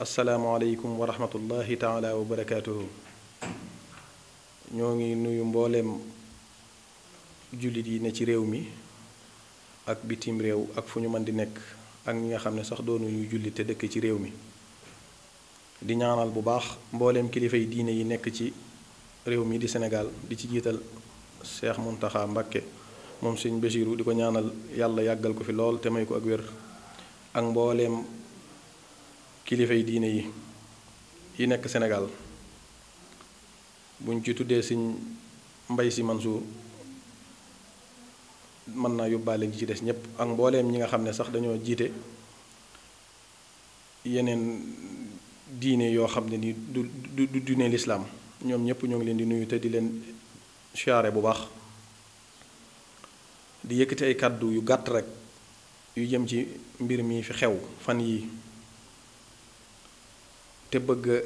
asalaamualeykum wa rahmatullahi taala wa barakaatuhu ñoo ngi nuyu mbooleem jullit yi ne ci réew mi ak bitim réew ak fu ñu mën di nekk ak ñi nga xam ne sax doonu ñu jullit te dëkk ci réew mi di ñaanal bu baax mbooleem kilifa yi diine yi nekk ci réew mi di Sénégal di ci jiital Cheikh Mountakha Mbacké moom Sëñ Bassirou di ko ñaanal yàlla yàggal ko fi lool te may ko ak wér ak mbooleem kilifay diine yi yi nekk Sénégal buñ ci tuddee siñ Mbay Si Mansuur mën naa yóbbaale ñi ci des ñépp ak mbooleem ñi nga xam ne sax dañoo jiite yeneen diine yoo xam ne ni du du du diine lislaam ñoom ñépp ñoo ngi leen di nuyu te di leen siyaare bu baax di yëkkati ay kàddu yu gàtt rek yu jëm ci mbir mi fi xew fan yi te bëgg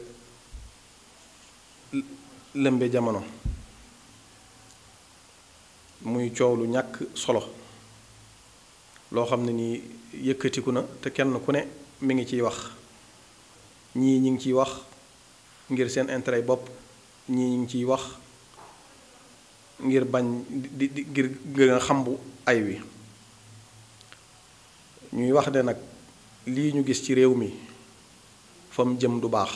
lëmbe jamono muy coow lu ñàkk solo loo xam ne nii yëkkatiku na te kenn ku ne mi ngi ciy wax ñii ñi ngi ciy wax ngir seen intérêt bopp ñii ñi ngi ciy wax ngir bañ di di ngir gën xambu ay wi ñuy wax ne nag lii ñu gis ci réew mi fa mu jëm du baax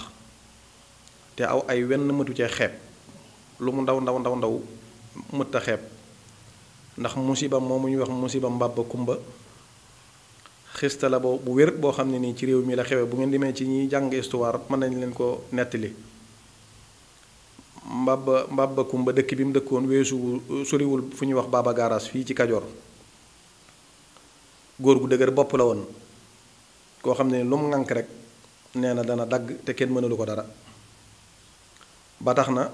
te aw ay wenn mëtu cee xeeb lu mu ndaw ndaw ndaw ndaw mët a xeeb ndax musiba mu ñuy wax musiba mbàbba kumba xista la boo bu wér boo xam ne nii ci réew mi la xewe bu ngeen demee ci ñuy jàng histoire mën nañ leen ko nettali mbàbba mbàbba kumba dëkk bi mu dëkkoon weesu soriwul fu ñuy wax baaba gaaraas fii ci kajoor góor gu dëgër bopp la woon koo xam ne lu mu ŋànk rek nee na dana dagg te kenn mënalu ko dara ba tax na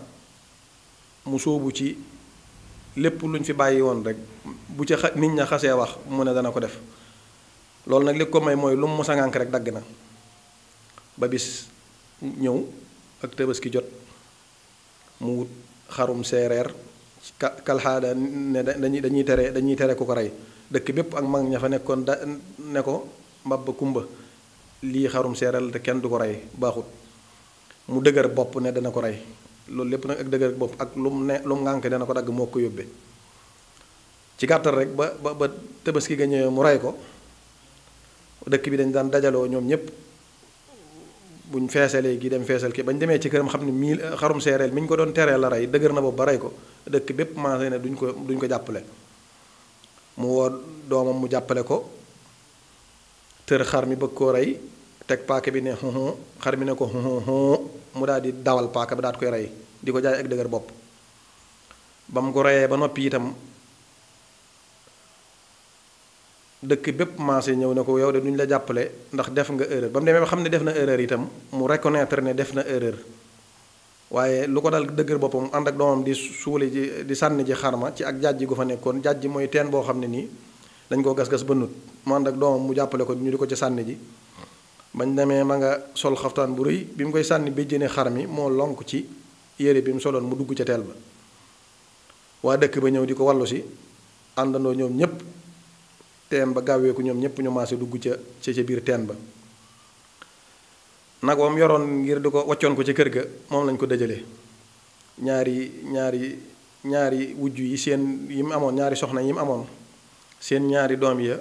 mu sóobu ci lépp luñ fi bàyyi woon rek bu ca nit ña xasee wax mu ne dana ko def loolu nag li ko may mooy lu mu musa ngànk dagg na ba bis ñëw ak tabaski jot mu wut xarum seereer kalxaada ne dañuy dañuy tere dañuy tere ku ko rey dëkk bépp ak mag ña fa nekkoon da ne ko mbab kumba lii xarum seeral te kenn du ko rey baaxut mu dëgër bopp ne dana ko rey loolu lépp nag ak dëgër bopp ak lu mu ne lu mu ngànk dana ko dagg moo ko yóbbee ci gàttal rek ba ba ba tabaski ga mu rey ko dëkk bi dañ daan dajaloo ñoom ñëpp buñ feesalee gi dem feesal ki bañ demee ci këram xam ne mii xarum seereel mi ñu ko doon teree la rey dëgër na boobu ba rey ko dëkk bépp maase ne duñ ko duñ ko jàppale mu woo doomam mu jàppale ko tër xar mi bëgg koo rey teg paaka bi ne xun xar bi ne ko xun mu daal di dawal paaka ba daat koy rey di ko jaay ak dëgër bopp ba mu ko reyee ba noppi itam dëkk bépp maase ñëw ne ko yow de duñu la jàppale ndax def nga erreur ba mu demee ba xam ne def na erreur itam mu reconnaître ne def na erreur waaye lu ko dal dëgër boppam ànd ak doomam di suuli ji di sànni ji xarma ci ak jàjj gu fa nekkoon jàjj mooy teen boo xam ne nii dañ koo gas-gas ba nut mu ànd ak doomam mu jàppale ko ñu di ko ca sànni ji bañ demee ma nga sol xaftaan bu rëy bi mu koy sànni béjjéne xar mi moo lonk ci yére bi mu soloon mu dugg ca teel ba waa dëkk ba ñëw di ko wàllu si àndandoo ñoom ñépp teen ba gaaweeku ñoom ñépp ñu maase dugg ca ca biir teen ba nag moom yoroon ngir di ko waccoon ko ci kër ga moom lañ ko dëjale ñaari ñaari ñaari wujj yi seen yi mu amoon ñaari soxna yi mu amoon seen ñaari doom ya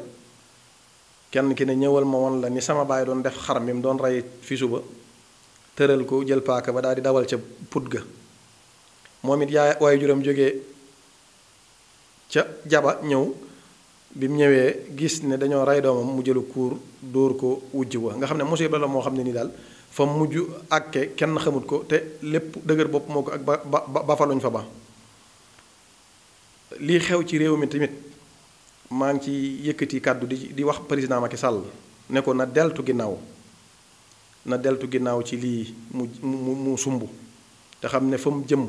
kenn ki ne ñëwal ma won la ni sama baay doon def xar mi mu doon rey fi suba tëral ko jël paaka ba daal di dawal ca put ga moom it yaay waaye juróom jóge ca jaba ñëw bi mu ñëwee gis ne dañoo rey doomam mu jëlu kuur dóor ko wujj wa nga xam ne musiba la moo xam ne nii daal fa mujj àkke kenn xamut ko te lépp dëgër bopp moo ko ak ba ba ba fa fa ba lii xew ci réew mi tamit maa ngi ci yëkkati kàddu di di wax président Macky Sall ne ko na deltu ginnaaw na deltu ginnaaw ci lii mu mu mu sumb te xam ne fa mu jëm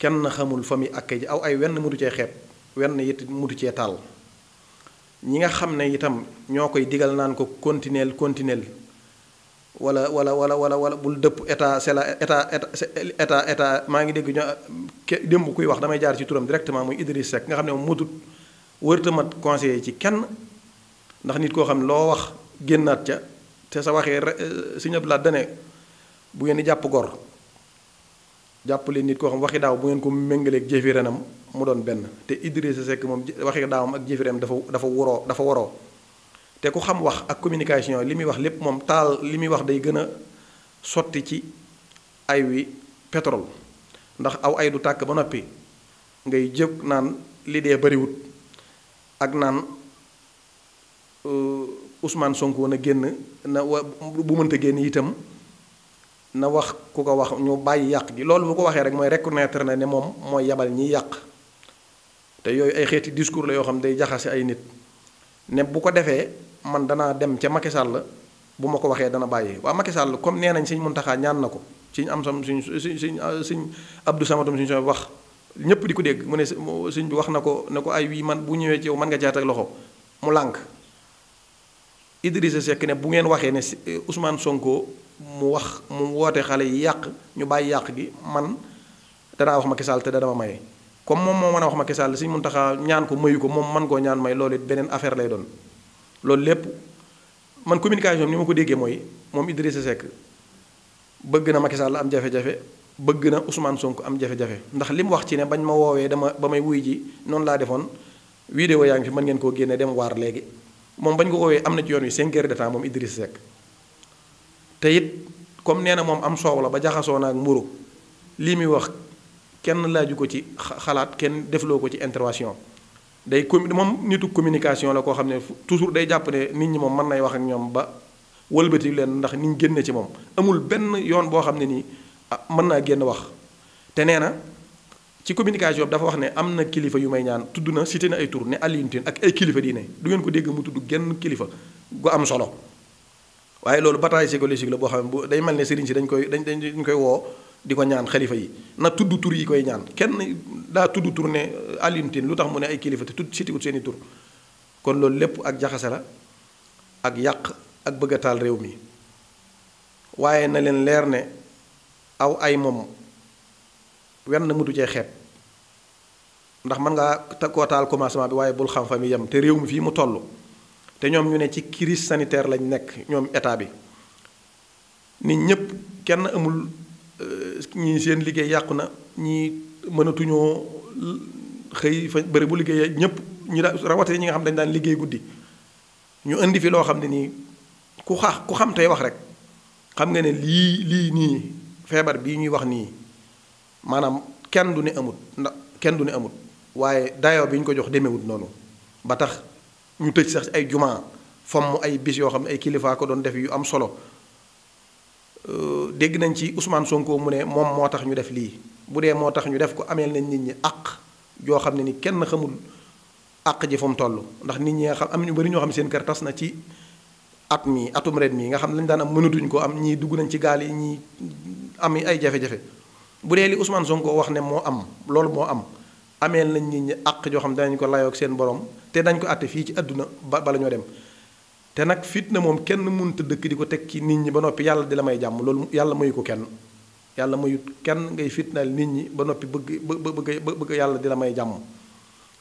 kenn xamul fa muy àkkee ji aw ay wenn mutu cee xeeb wenn it mutu cee taal ñi nga xam ne itam ñoo koy digal naan ko continuel continuel wala wala wala wala wala bul dëpp état c'est la état état état maa ngi dégg ñoo démb kuy wax damay jaar ci turam directement muy Idriss Seck nga xam ne moom mutut wërta mat conseiller ci kenn ndax nit koo xam ne loo wax génnaat ca te sa waxee eh, Sëñ Abdu Lahat dane bu ngeen di jàpp gor jàpp leen nit koo xam waxi daaw bu ngeen ko méngaleeg jëfi renam mu doon benn te Idrissa Seck moom waxi daawam ak jëfi renam dafa dafa woroo dafa woroo te ku xam wax ak communication li muy wax lépp moom taal li muy wax day gën a sotti ci ay wi pétrole ndax aw ay du tàkk ba noppi ngay jëg naan li dee bariwut ak naan euh, Ousmane woon a génn na wa bu mënta génn itam na wax ku ko wax ñu bàyyi yàq gi loolu bu ko waxee rek mooy reconnaître na ne moom mooy yabal ñiy yàq te yooyu ay xeeti discours la yoo xam day jaxase ay nit ne bu ko defee man danaa dem ca Macky la bu ma ko waxee dana bàyyi waa Macky la comme nee nañ sëñ Muntaxa ñaan na ko suñ am sam suñ suñ suñ Abdou Samatum suñ sooy wax ñëpp di ko dégg mu ne sëñ bi wax na ko ne ko ay wii man bu ñëwee ci yow nga jaat loxo mu lànk Idrissa Seck ne bu ngeen waxee ne si eh, Ousmane Sonko mu wax mu woote xale yi yàq ñu bàyyi yàq gi man danaa wax Macky Sall te dana ma maye comme moom moo mën a wax Macky Sall Sëñ Mountakha ñaan ko mayu ko moom man koo ñaan may loolu it beneen affaire lay doon loolu lépp man communication ni ma ko déggee mooy moom Idrissa Seck bëgg na Macky Sall am jafe-jafe bëgg na Ousmane Sonko am jafe-jafe ndax li mu wax ci ne bañ ma woowee dama ba may wuy ji noonu laa defoon vidéo yaa ngi fi mën ngeen koo génne dem waar léegi moom bañ ko woowee am na ci yoon wi 5 heures de temps moom Idriss Seck te it comme nee na moom am soow la ba jaxasoo na ak mburu lii muy wax kenn laaju ko ci xalaat kenn defloo ko ci intervention day commu moom nitu communication la koo xam ne toujours day jàpp ne nit ñi moom mën nay wax ak ñoom ba wëlbati leen ndax niñ génne ci moom amul benn yoon boo xam ne nii ah mën naa génn wax te nee na ci communication dafa wax ne am na kilifa yu may ñaan tudd na cité na ay tur ne Alioune Tine ak ay kilifa diine du ngeen ko dégg mu tudd genn kilifa gu am solo waaye loolu bataille psychologique la boo xam ne bu day mel ne sëriñ dañ koy dañ dañ koy woo di ñaan xalifa yi na tudd yi koy ñaan kenn daa tudd tur ne euh, Alioune Tine lu tax mu ne ay kilifa te tudd sitiwut seen i tur kon loolu lépp ak jaxase la ak yàq ak bëgg taal réew mi waaye na leen leer ne. aw ay moom wenn na mutu cee xeeb ndax mën ngaa koo taal commencement bi waaye bul xam fa mi yem te réew mi fii mu tollu te ñoom ñu ne ci kiris sanitaire lañu nekk ñoom état bi nit ñépp kenn amul euh, ñi seen liggéey yàqu na ñi mënatuñoo xëy fa bari bu liggéey ñépp ñu da rawatee ñi nga xam dañ daan liggéey guddi ñu indi fi loo xam ne nii ku xaax ku xam tey wax rek xam nga ne lii lii nii feebar bii ñuy wax nii maanaam kenn du ne amut ndax kenn du ne amut waaye dayo bi ñu ko jox demewut noonu ba tax ñu tëj sax ay jumaa fomm ay bis yoo xam ne ay kilifaa ko doon def yu am solo euh, dégg nañ ci Ousmane Sonko mu ne moom moo tax ñu def lii bu dee moo tax ñu def ko amee nañ nit ñi àq joo xam ne ni kenn xamul àq ji fa toll ndax nit ñi nga xam am ñu bari ñoo xam seen kër tas na ci at mii atum ren mii nga xam ne lañ daan am mënatuñ ko am ñii dugg nañ ci gaal yi ñii am ay jafe-jafe bu dee li Ousmane Sonko wax ne moo am loolu moo am ameel nañ nit ñi àq joo xam danañ ko layoog seen borom te dañ ko àtte fii ci àdduna ba bala ñoo dem te nag fitna moom kenn mënta dëkk di ko teg ci nit ñi ba noppi yàlla di la may jàmm loolu yàlla mayu ko kenn yàlla mayut kenn ngay fitnaal nit ñi ba noppi bëgg bëgg bëgg yàlla di la may jàmm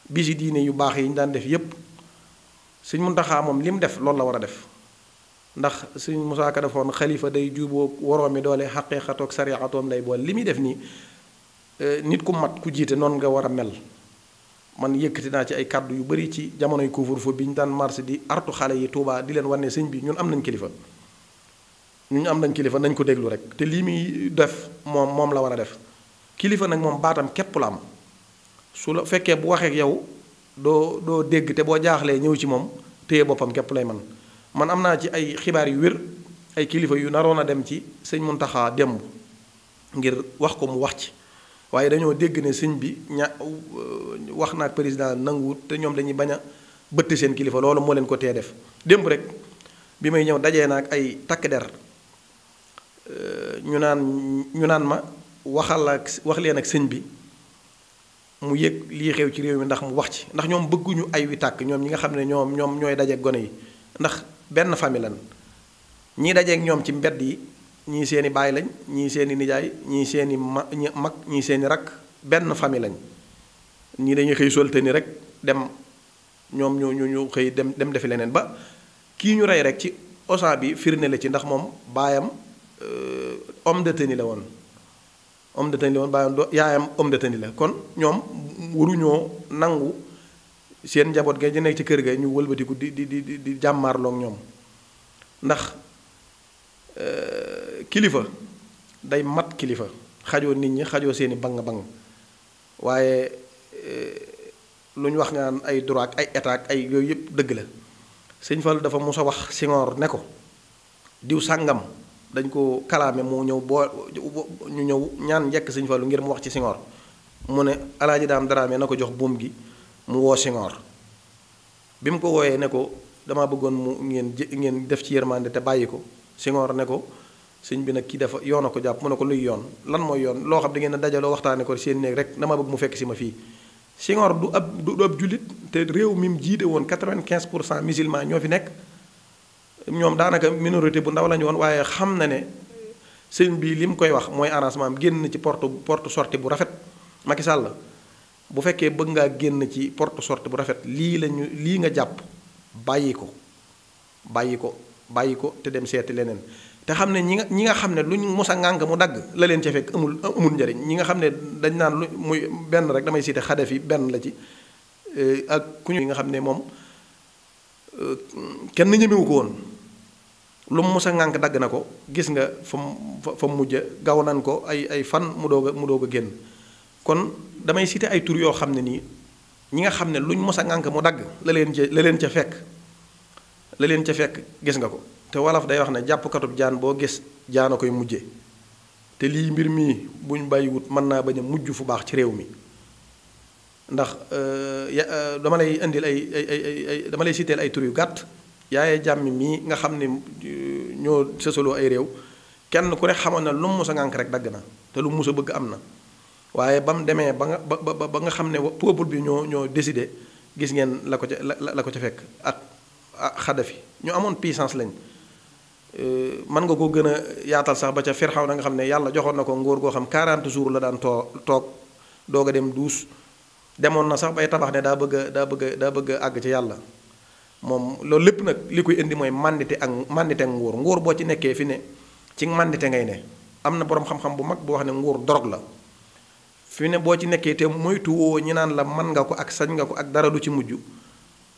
bisi diine yu baax yi ñu daan def yépp Sëñ Muntaxa moom li mu def loolu la war a def ndax suñ Musaa Ka dafoon xalifa day juuboo woroomi doole xaqiiqatoog sariixatoom lay boole li muy def nii euh, nit ku mat ku jiite noonu nga war a mel man yëkkati naa ci ay kàddu yu bari ci jamonoy couvre-feu bi ñu daan marché di artu xale yi Tuubaa di leen wane sëñ bi ñun am nañ kilifa ñun am nañ kilifa nañ ko déglu rek te lii muy def moom moom la war a def kilifa nag moom baatam képp la am su la fekkee bu waxeek yow doo doo dégg te boo jaaxlee ñëw ci moom téye boppam képp lay man man am naa ci ay xibaar yu wér ay kilifa yu naroon a dem ci sëñ Muntaxa démb ngir wax ko mu wax ci waaye dañoo dégg ne sëñ bi ña euh, wax naag président nanguwut te ñoom dañuy bañ a bëtt seen kilifa loolu moo leen ko tee def démb rek bi may ñëw dajee naag ay takk der euh, ñu naan ñu naan ma waxal ak wax leen ak sëñ bi mu yëg lii xew ci réew mi ndax mu wax ci ndax ñoom bëgguñu ay wi tàkk ñoom ñi nga xam ne ñoom ñoom ñooy daje gone yi ndax benn famille lan ñii dajeeg ñoom ci mbedd yi ñii seeni baay lañ ñii seeni nijaay ñii seeni mag ñii seeni rakk benn famille lañ ñii dañuy xëy solte ni rek dem ñoom ñu ñu xëy dem dem defi leneen ba kii ñu rey rek ci osan bi firnde la ci ndax moom baayam euh, homme de tenue la woon homme la woon baayam yaayam homme la kon ñoom waruñoo nangu seen njaboot gay di nekk ci kër ga ñu wëlbatiku di di di di jàmmaarloog ñoom ndax euh, kilifa day mat kilifa xajoo nit ñi xajoo seeni bang bang waaye euh, lu ñu wax nga ay droit ay état ak ay yooyu yëpp dëgg la sëñ Fallu dafa musa wax Senghor ne ko diw sàngam dañ ko kalaame mu ñëw boo ñu ñëw ñaan njekk sëñ Fallu ngir mu wax ci Senghor mu ne alaaji daan daraame na ko jox buum gi mu woo Senghor bi mu ko wooyee ne ko damaa bëggoon mu ngeen ngeen def ci yërmande te bàyyi ko Senghor ne ko sëñ bi nag ki dafa yoon a ko jàpp mu ne ko luy yoon lan mooy yoon loo xam da ngeen a dajaloo waxtaane ko seen néeg rek dama bëgg mu fekk si ma fii Senghor du ab du ab jullit te réew mi mu jiite woon quinze pour cent musulman ñoo fi nekk ñoom daanaka minorité bu ndaw lañu woon waaye xam na ne sëñ bii li mu koy wax mooy arrangement am génn ci porte porte sortie bu rafet Macky Sall bu fekkee bëgg ngaa génn ci porte sorte bu rafet lii lañu lii nga jàpp bàyyi ko bàyyi ko bàyyi ko te dem seeti leneen te xam ne ñi nga ñi nga xam ne luñ mos a ŋànk mu dagg la leen fekk amul amul njariñ ñi nga xam ne dañ naan lu muy benn rek damay cité xadaf yi benn la ci eh, ak ku ñu nga xam ne moom eh, kenn ñemewu ko woon lu mu mos a ŋànk dagg na ko gis nga fa mu fa mu mujj gaw nan ko ay ay fan mu doog a mu doog a génn kon damay cité ay tur yoo xam ne nii ñi nga xam ne luñ mos a ŋànk mu dagg la leen ca ca fekk la leen ca fekk gis nga ko te wolof day wax ne jàppkatub jaan boo gis jaana koy mujje te lii mbir mii buñ bàyyiwut mën naa bañ a mujj fu baax ci réew mi ndax euh, euh, dama lay indil ay ay dama lay citeel ay tur yu gàtt yaaye jàmmi mii nga xam ne euh, ñoo sësaloo ay réew kenn ku ne xamoon na lu mu mos a ŋànk rek dagg na te lu mu mos bëgg am na waaye ba mu demee ba nga ba ba nga xam ne peuple bi ñoo ñoo décidé gis ngeen la ko ca la la ko ca fekk ak Xadafi ñu amoon puissance lañ euh, mën nga ko gën a yaatal sax ba ca Firxaw na nga xam ne yàlla joxoon na ko nguur goo xam 40 jours la daan too toog doog a dem duus demoon na sax bay tabax ne daa bëgg daa bëgg a daa bëgg àgg ci yàlla moom loolu lépp nag li koy indi mooy màndite ak màndite ak nguur nguur boo ci nekkee fi ne ci màndite ngay ne am na boroom xam bu mag bu wax ne nguur dorog la fi ne boo ci nekkee te moytuwoo ñi naan la man nga ko ak sañ nga ko ak dara du ci mujj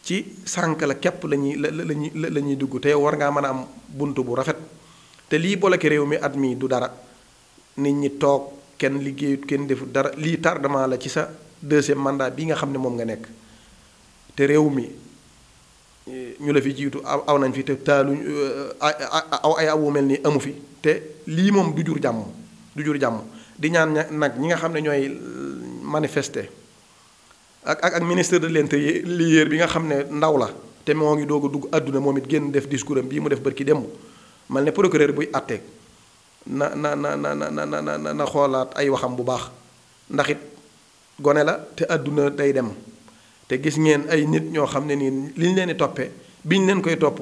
ci sànq la képp la ñuy la lañuy dugg te war ngaa mën a am bunt bu rafet te lii boloke réew mi at mii du dara nit ñi toog kenn liggéeyut kenn defu dara lii tardement la ci sa deuxième mandat bi nga xam ne moom nga nekk te réew mi ñu la fi jiitu aw nañ fi te taalu euh, aw ay awu mel ni amu fi te lii moom du jur jàmm du jur jàmm di ñaan nag ñi nga xam ne ñooy manifester ak ak ak ministre de l'intérieur bi nga xam ne ndaw la te moo ngi doog a dugg àdduna moom it génn def discours am bii mu def bërki démb mal ne procureur buy àtteeg na na na na na xoolaat ay waxam bu baax ndax it gone la te àdduna day dem te gis ngeen ay nit ñoo xam ne nii li ñu leen di toppee bi ñu leen koy topp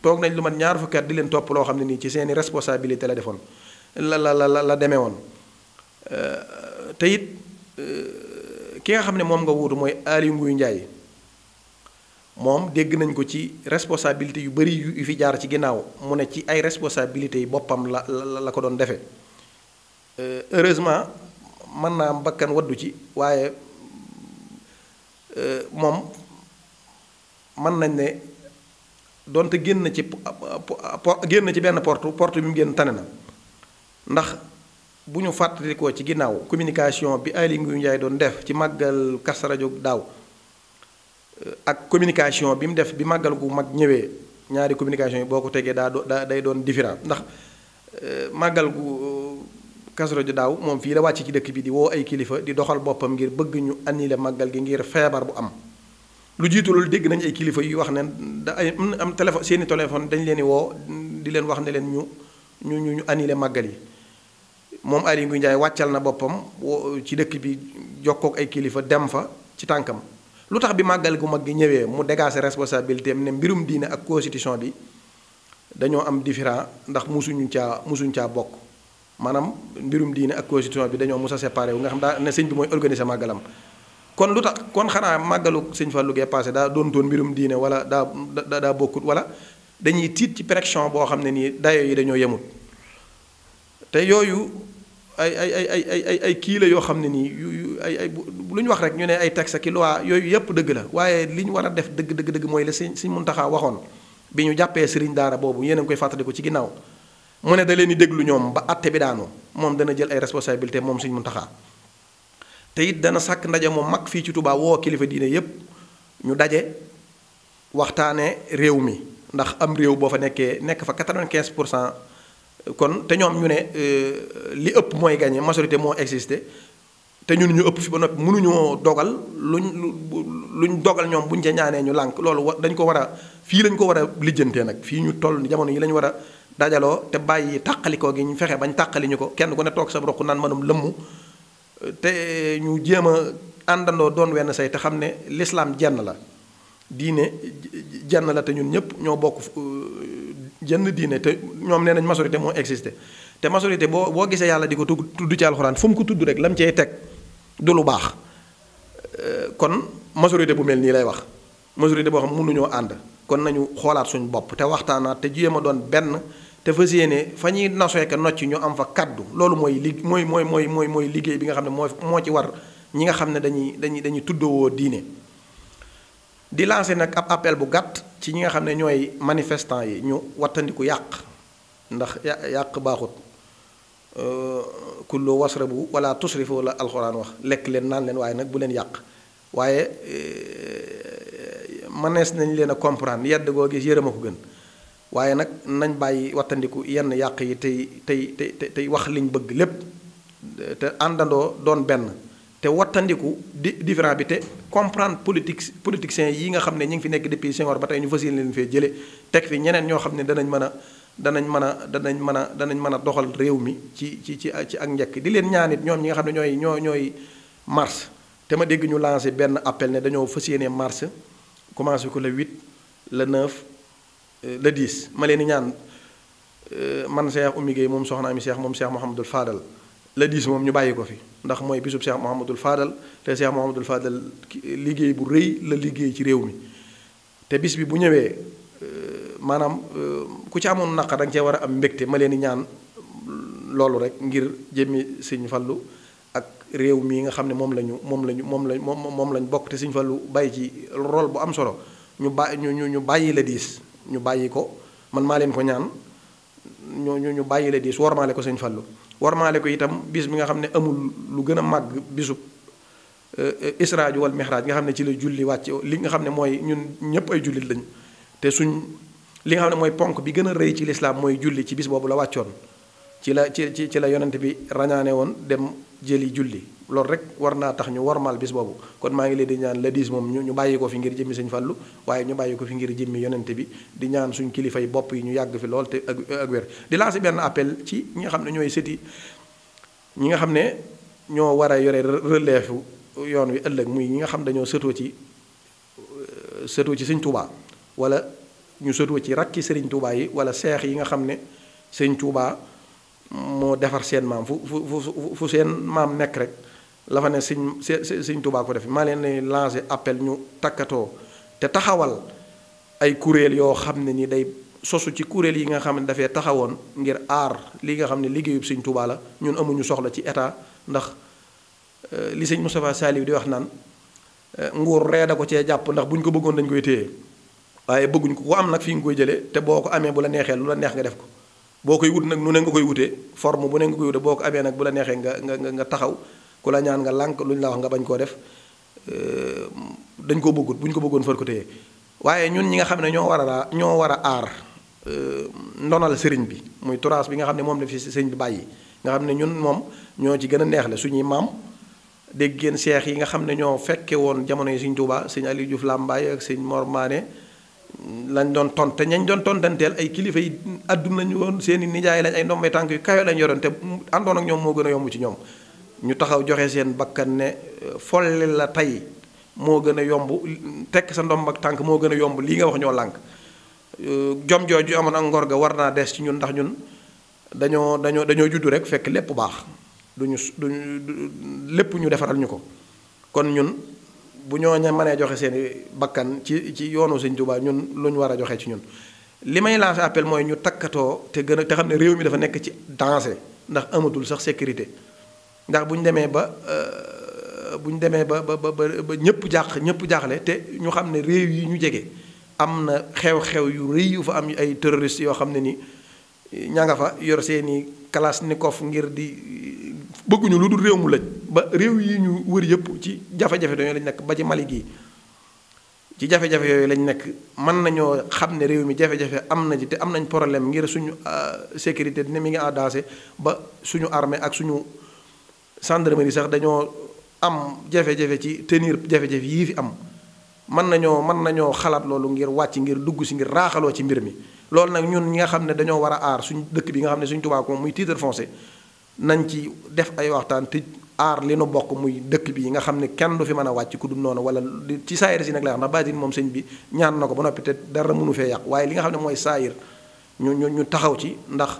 toog nañ lu mat ñaar fukki at di leen topp loo xam ne nii ci seeni responsabilité la defoon la la la la demee woon. Euh, te it euh, ki nga xam ne moom nga wuutu mooy Aliou Nguy Ndiaye moom dégg nañ ko ci responsabilité yu bari yu fi jaar ci ginnaaw mu ne ci ay responsabilités yi boppam la la la ko doon defee euh, heureusement mën naa mbakkan bakkan waddu ci waaye moom mën nañ ne donte génn ci génn ci benn porte porte bi mu génn tane na ndax bu ñu fàttalikoo ci ginnaaw communication bi Aly Ngouille Ndiaye doon def ci màggal Kazu Rajab daaw euh, ak communication bi mu def bi màggal gu mag ñëwee ñaari communication yi boo ko tegee daa day doon différent ndax euh, màggal gu euh, Kazu Rajab daaw moom fii la wàcc ci dëkk bi di woo ay kilifa di doxal boppam ngir bëgg ñu annuler màggal gi ngir feebar bu am. lu jiitu loolu dégg nañ ay kilifa yu wax ne da ay am téléphone seeni téléphone dañ leen di woo di leen wax ne leen ñu ñu ñu annuler màggal yi. moom Aly Ngouille Ndiaye wàccal na boppam ci dëkk bi jokkook ay kilifa dem fa ci tànkam lu tax bi màggal gu mag gi ñëwee mu dégager responsabilité am ne mbirum diine ak constitution bi dañoo am différent ndax musuñu caa musuñu caa bokk maanaam mbirum diine ak constitution bi dañoo mus a séparé wu nga xam daa ne sëñ bi mooy organiser màggalam kon lu tax kon xanaa màggalu sëñ Fallou gee passé daa doon mbirum diine wala daa da daa bokkut wala dañuy tiit ci pression boo xam ne nii dayo yi dañoo yemut ay ay ay ay ay ay kii la yoo xam ne nii yu ay ay lu ñu wax rek ñu ne ay texte ki loi yooyu yëpp dëgg la waaye li ñu war a def dëgg dëgg dëgg mooy la sëñ mun taxaa waxoon bi ñu jàppee sëriñ daara boobu yéen a koy fàttaliku ci ginnaaw mu ne da leen di déglu ñoom ba àtte bi daanu moom dana jël ay responsabilité moom sëñ mun te it dana sàkk ndaje moom mag fii ci Touba woo kilifa diine yépp ñu daje waxtaane réew mi ndax am réew boo fa nekkee nekk fa 95 pour cent kon te ñoom ñu ne euh, li ëpp mooy gagné majorité moo existé te ñun ñu ëpp fi ba noppi mënuñoo dogal luñ luñ dogal ñoom buñ ca ñaanee ñu lànk loolu wa dañ ko war a fii lañ ko war a lijjantee nag fii ñu toll jamono yi lañu war a dajaloo te bàyyi tàqalikoo gi ñu fexe bañ tàqali ñu ko kenn ku ne toog sa roq naan mënum lëmm te ñu jéem a àndandoo doon wenn say te xam ne l'islam jenn la diine jenn la te ñun ñëpp ñoo bokk. Euh, jënn diine te ñoom nee nañ majorité moo existé te majorité boo boo gisee yàlla di ko tudd ci alxuraan fu mu ko tudd rek lam cey teg du lu baax euh, kon majorité bu mel nii lay wax majorité boo xam mënuñoo ànd kon nañu xoolaat suñu bopp te waxtaanaat te jéem a doon benn te fas yéene fa ñuy nasoo ka nocc ñu am fa kàddu loolu mooy li mooy mooy mooy mooy mooy liggéey bi nga xam ne moo moo ci war ñi nga xam ne dañuy dañuy dañuy tuddoo diine di nag ab appel bu gàtt ci ñi nga xam ne ñooy manifestant yi ñu wattandiku yàq ndax yàq baaxut euh, kullu wasrabu wala tusrifu la alxuraan wax lekk leen naan leen waaye nag bu leen yàq waaye euh, mënees nañ leen a comprendre yedd goo gis yërëm a ko gën waaye nag nañ bàyyi wattandiku yenn yàq yi tey tey tey tey wax liñ bëgg lépp te àndandoo doon benn te wattandiku di différent bi te comprendre politique politiciens yi nga xam ne ñu ngi fi nekk depuis Senghor ba tey ñu fas yéene leen fee jëlee teg fi ñeneen ñoo xam ne danañ mën a danañ mën a danañ mën a danañ mën a doxal réew mi ci ci ci ci ak njëkk di leen ñaanit ñoom ñi nga xam ne ñooy ñoo ñooy mars te ma dégg ñu lancé benn appel ne dañoo fas yéene mars commencé ko le 8 le 9 euh, le 10 ma leen di ñaan euh, man Cheikh Oumy Gueye moom soxna mi seex moom Cheikh Mouhamadul faadal la diis moom ñu bàyyi ko fi ndax mooy bisub Cheikh Mouhamadul Fadal te Cheikh Mouhamadul Fadal liggéey bu rëy la liggéey ci réew mi te bis bi bu ñëwee euh, maanaam euh, ku ci amoon naq da nga war a am mbégte ma leen di ñaan loolu rek ngir jëmmi sëñ Fallu ak réew mii nga xam ne moom la ñu moom la ñu moom la moom moom lañ bokk te sëñ Fallu bàyyi ci rôle bu am solo ñu ba ñu ñu bàyyi la diis ñu bàyyi ko man maa leen ko ñaan ñu ñu bàyyi la diis wormaale ko sëñ Fallu warmaale ko itam bis bi nga xam ne amul lu gën a màgg bisub euh, israaju wal mixraaj nga xam ne ci la julli wàcc li nga xam ne mooy ñun ñépp ay jullit lañ te suñ li nga xam ne mooy ponk bi gën a rëy ci lislaam mooy julli ci bis boobu la wàccoon ci la ci ci la yonent bi rañaane woon dem jëli julli loolu rek war naa tax ñu warmal bis boobu kon maa ngi leen di ñaan la 10 moom ñu ñu bàyyi ko fi ngir jëmmi sëñ Fallu waaye ñu bàyyi ko fi ngir jëmmi yonent bi di ñaan suñ kilifa yi bopp yi ñu yàgg fi lool te ak ak wér di lancer benn appel ci ñi nga xam ne ñooy sëti ñi nga xam ne ñoo war a yore relève yoon wi ëllëg muy ñi nga xam dañoo sëtoo ci euh, sëtoo ci sëñ Touba walla ñu sëtoo ci rakki sëriñ Touba yi wala seex yi nga xam ne sëñ tuubaa moo defar seen maam fu fu fu seen maam nekk rek. la fa ne sëñ sëñ Tuubaa ko def maa leen ne lancé appel ñu takkatoo te taxawal ay kuréel yoo xam ne ni day sosu ci kuréel yi nga xam ne dafee taxawoon ngir aar li nga xam ne liggéeyub sëñ Tuubaa la ñun amuñu soxla ci état ndax euh, li sëñ Moustapha Saliou di wax naan euh, nguur ree da ko cee jàpp ndax bu ñu ko bëggoon dañ koy téye waaye bëgguñ ko ku am nag fii nga koy jëlee te boo ko amee bu la neexee lu la neex nga def ko boo koy wut nag nu ne nga koy wutee forme bu ne nga boo ko amee nag bu la neexee nga nga nga taxaw ku ñaan nga lànk luñ la wax nga bañ koo def euh, dañ ko bëggut buñ ko bëggoon far ko téye waaye ñun ñi nga xam ne ñoo war a ñoo war a aar euh, ndonal sëriñ bi muy turaas bi nga xam ne moom la fi sëriñ bi bàyyi nga xam ne ñun moom ñoo ci gën a neexle suñuy maam dégg ngeen seex yi nga xam ne ñoo fekke woon jamono yi sëriñ Tuubaa sëriñ Aliou Diouf Lambaye ak sëriñ Mor Mané lañ doon ton tonte ñañ doon tontanteel ay kilifa yi àdduna ñu woon seen i nijaay lañ ay ndombay tànk yu kawe lañ yoroon te àndoon ak ñoom moo gën a yomb ci ñoom ñu taxaw joxe seen bakkan ne euh, folli la tey moo gën a yomb tekk sa ndomb ak tànk moo gën a yomb lii nga wax ñoo lànk euh, jom jooju amoon ak ngor ga war naa des ci ñun ndax ñun dañoo dañoo dañoo juddu rek fekk lépp baax ñu duñu du lépp ñu defaral ñu ko kon ñun bu ñoo ña mënee joxe seen bakkan ci ci yoonu Sëñ Tuubaa ñun lu ñu war a joxe ci ñun li may lancer appel mooy ñu takkatoo te gën a te xam ne réew mi dafa nekk ci danger ndax amatul sax sécurité ndax bu ñu demee ba euh, bu ñu demee ba ba ba ba ñëpp jàq ñëpp jaaxle te ñu xam ne réew yi ñu jege am na xew-xew yu rëy yu fa am ay terroristes yoo xam ne ni ña nga fa yor seeni kof ngir di bëgguñu lu dul réew mu lëj ba réew yi ñu wër yëpp ci jafe-jafe dañoo lañ nekk ba ci Mali gi ci jafe-jafe yooyu lañ nekk mën nañoo xam ne réew mi jafe-jafe am na ci te am nañ problème ngir suñu euh, sécurité dina mi ngi à ba suñu armee ak suñu. gendarmerie sax dañoo am jafe-jafe ci tenir jafe-jafe yii fi am mën nañoo mën nañoo xalaat loolu ngir wàcc ngir dugg si ngir raaxaloo ci mbir mi loolu nag ñun ñi nga xam ne dañoo war a aar suñ dëkk bi nga xam ne suñ tubaab moom muy titre foncier nañ ci def ay waxtaan te aar li nu bokk muy dëkk bi nga xam ne kenn du fi mën a wàcc ku dul noonu wala ci saayir si nag lay wax ndax baatin moom sëñ bi ñaan na ko ba noppi te dara mënu fee yàq waaye li nga xam ne mooy saayir ñu ñu ñu taxaw ci ndax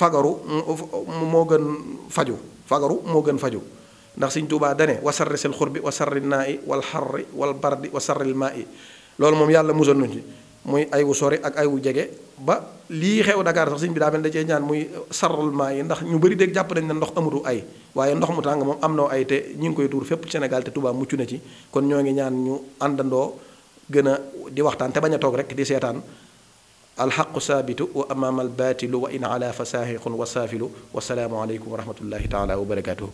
fagaru moo gën faju fagaru moo gën faju ndax Sëñ Tuubaa dane wasarri sil xurbi wasarri naa i wal xarri wal bardi wasarril maa i loolu moom yàlla musal nu ci muy ay wu sori ak ay wu jege ba lii xew Dakar sax sëñ bi daa mel da cee ñaan muy sarrul maa yi ndax ñu bëri dégg jàpp nañ ne ndox amatu ay waaye ndox mu tàng moom am na ay te ñu ngi koy tuur fépp Sénégal te Touba mucc na ci kon ñoo ngi ñaan ñu àndandoo gën a di waxtaan te bañ a toog rek di seetaan alxaqu saabitu wa amaama albaatilu wa in ala fa saaxiqun wa saafilu wasalaamu aleykum wa rahmatullahi taala wa barakatuhu